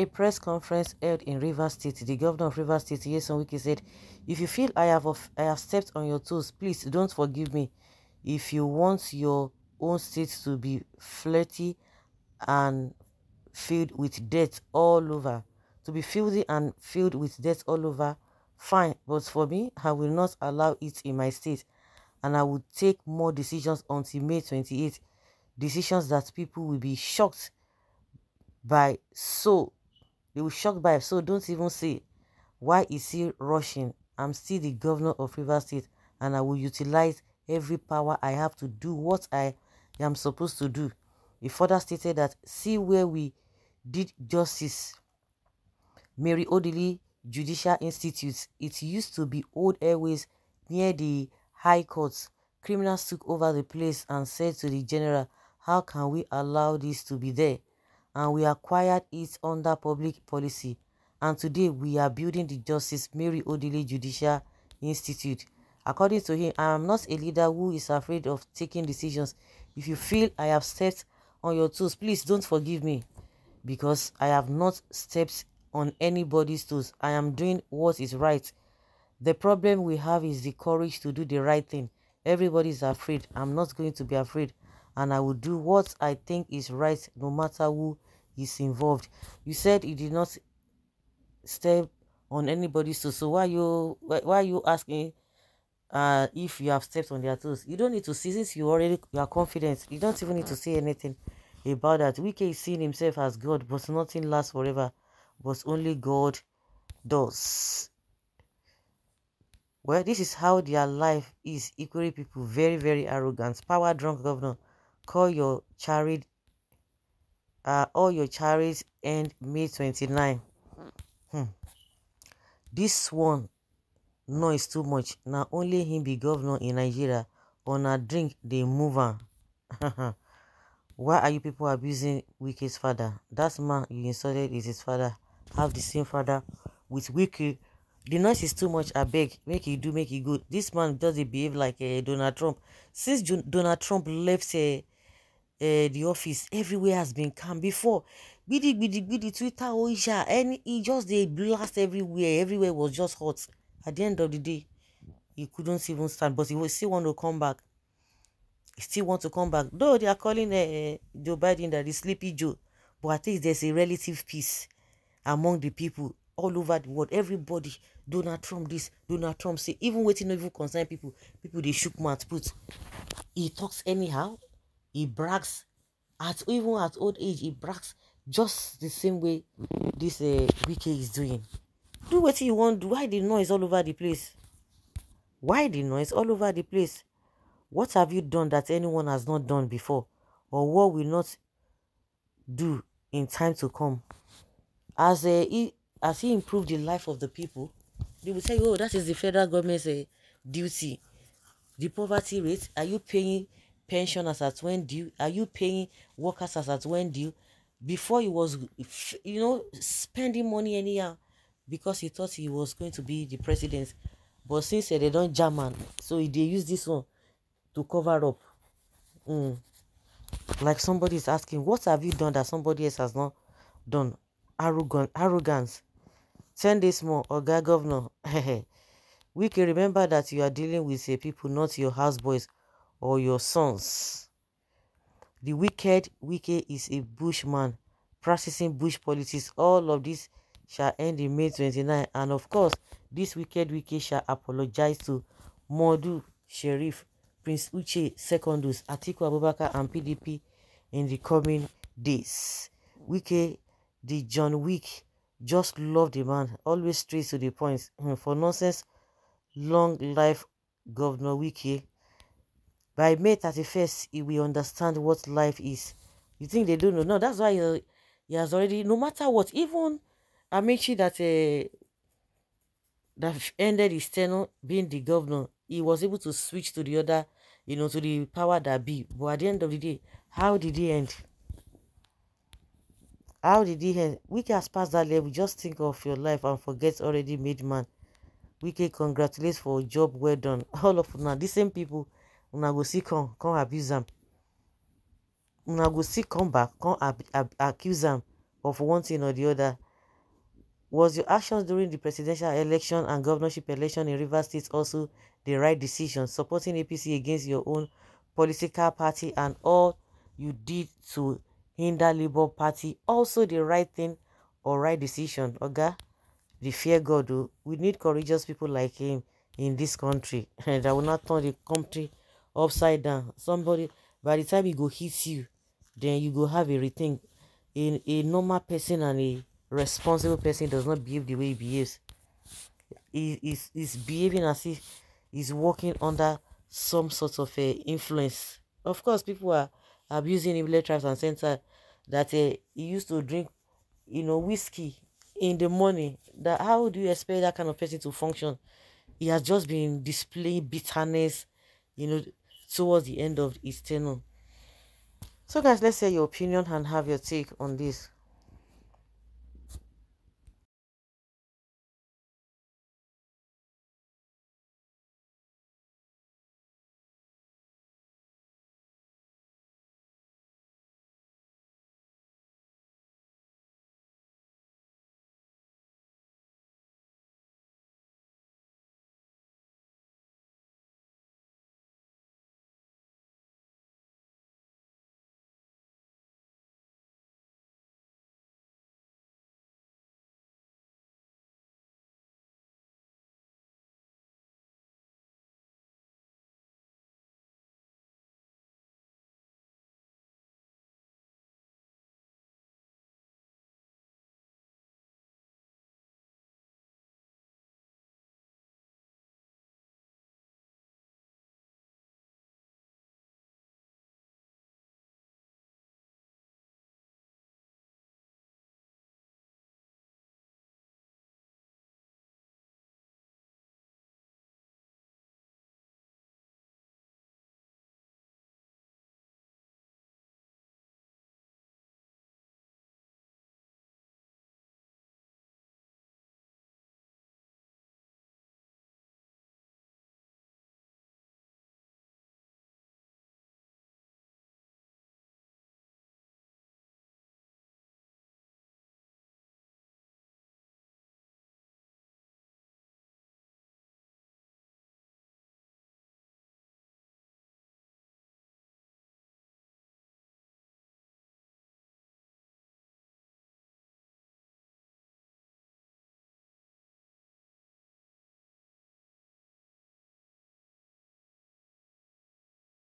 a press conference held in Rivers State, the governor of Rivers State, Yeson Wiki, said, If you feel I have, I have stepped on your toes, please don't forgive me. If you want your own state to be flirty and filled with debt all over, to be filthy and filled with debt all over, fine. But for me, I will not allow it in my state. And I will take more decisions until May 28. Decisions that people will be shocked by so they will shocked by it, so don't even say, why is he rushing? I'm still the governor of River State and I will utilize every power I have to do what I am supposed to do. He further stated that, see where we did justice. Mary Odili Judicial Institute, it used to be old airways near the high courts. Criminals took over the place and said to the general, how can we allow this to be there? and we acquired it under public policy and today we are building the Justice Mary Odile Judicial Institute. According to him, I am not a leader who is afraid of taking decisions. If you feel I have stepped on your toes, please don't forgive me because I have not stepped on anybody's toes. I am doing what is right. The problem we have is the courage to do the right thing. Everybody is afraid. I'm not going to be afraid and I will do what I think is right no matter who is involved. You said you did not step on anybody's toes. So why you why, why you asking uh if you have stepped on their toes? You don't need to see since you already you are confident. You don't even need to say anything about that. Wike is seeing himself as God, but nothing lasts forever, but only God does. Well, this is how their life is. Equally people, very, very arrogant, power drunk governor call your chariot uh, all your chariots end May 29. Hmm. This one noise too much. Now only him be governor in Nigeria. On a drink, they move on. Why are you people abusing Wiki's father? That man you insulted is his father. Have the same father with Wiki. The noise is too much. I beg. Make it do, make it good. This man doesn't behave like uh, Donald Trump. Since Donald Trump left uh, uh, the office everywhere has been calm before gbidi gbidi gbidi twitter oisha any e just dey blast everywhere everywhere was just hot at the end of the day he couldn't even stand but he still want to come back he still want to come back though they are calling uh, joe biden that is sleepy joe but at least there's a relative peace among the people all over the world everybody donald trump this donald trump say even waiting no even concern people people dey shook mouth put he talks anyhow he brags at even at old age he brags just the same way this uh, wiki is doing do what you want why the noise all over the place why the noise all over the place what have you done that anyone has not done before or what will not do in time to come as uh, he as he improved the life of the people they will say oh that is the federal government's uh, duty the poverty rate are you paying pensioners at when due? Are you paying workers as at when due? Before he was, you know, spending money anyhow because he thought he was going to be the president. But since they don't German, so they use this one to cover up. Mm. Like somebody is asking, what have you done that somebody else has not done? Arrogant, arrogance. Ten days more, or guy Governor. we can remember that you are dealing with uh, people, not your houseboys. or your sons. The wicked wicked is a bushman practicing bush politics. All of this shall end in May 29. And of course, this wicked wicked shall apologize to Modu Sheriff, Prince Uche Secondus, Atiku Abubakar, and PDP in the coming days. Wike, the John Wick, just love the man, always straight to the point. Hmm, for nonsense, long life, Governor Wike by May 31st, he will understand what life is. You think they don't know? No, that's why he, he has already, no matter what, even Amici that, uh, that ended his tenure being the governor, he was able to switch to the other, you know, to the power that be. But at the end of the day, how did he end? How did he end? We can pass that level. Just think of your life and forget already made man. We can congratulate for a job well done. All of now, the same people una go still come come abuse am una go still come back come accuse am of one thing or di oda was your actions during the presidential election and governorship election in rivers state also the right decision supporting apc against your own political party and all you did to hinder labour party also the right thing or right decision oga dey fear god o oh. we need courageous people like him in this country that will not turn the country upside down somebody by the time he go hit you then you go have a rethink a a normal person and a responsible person does not behave the way he behaves he is is behaving as if he's working under some sort of a eh, influence of course people are abusing him left right and center that uh, he used to drink you know whiskey in the morning that how do you expect that kind of person to function he has just been displaying bitterness you know towards the end of his tenure. So guys, let's hear your opinion and have your take on this.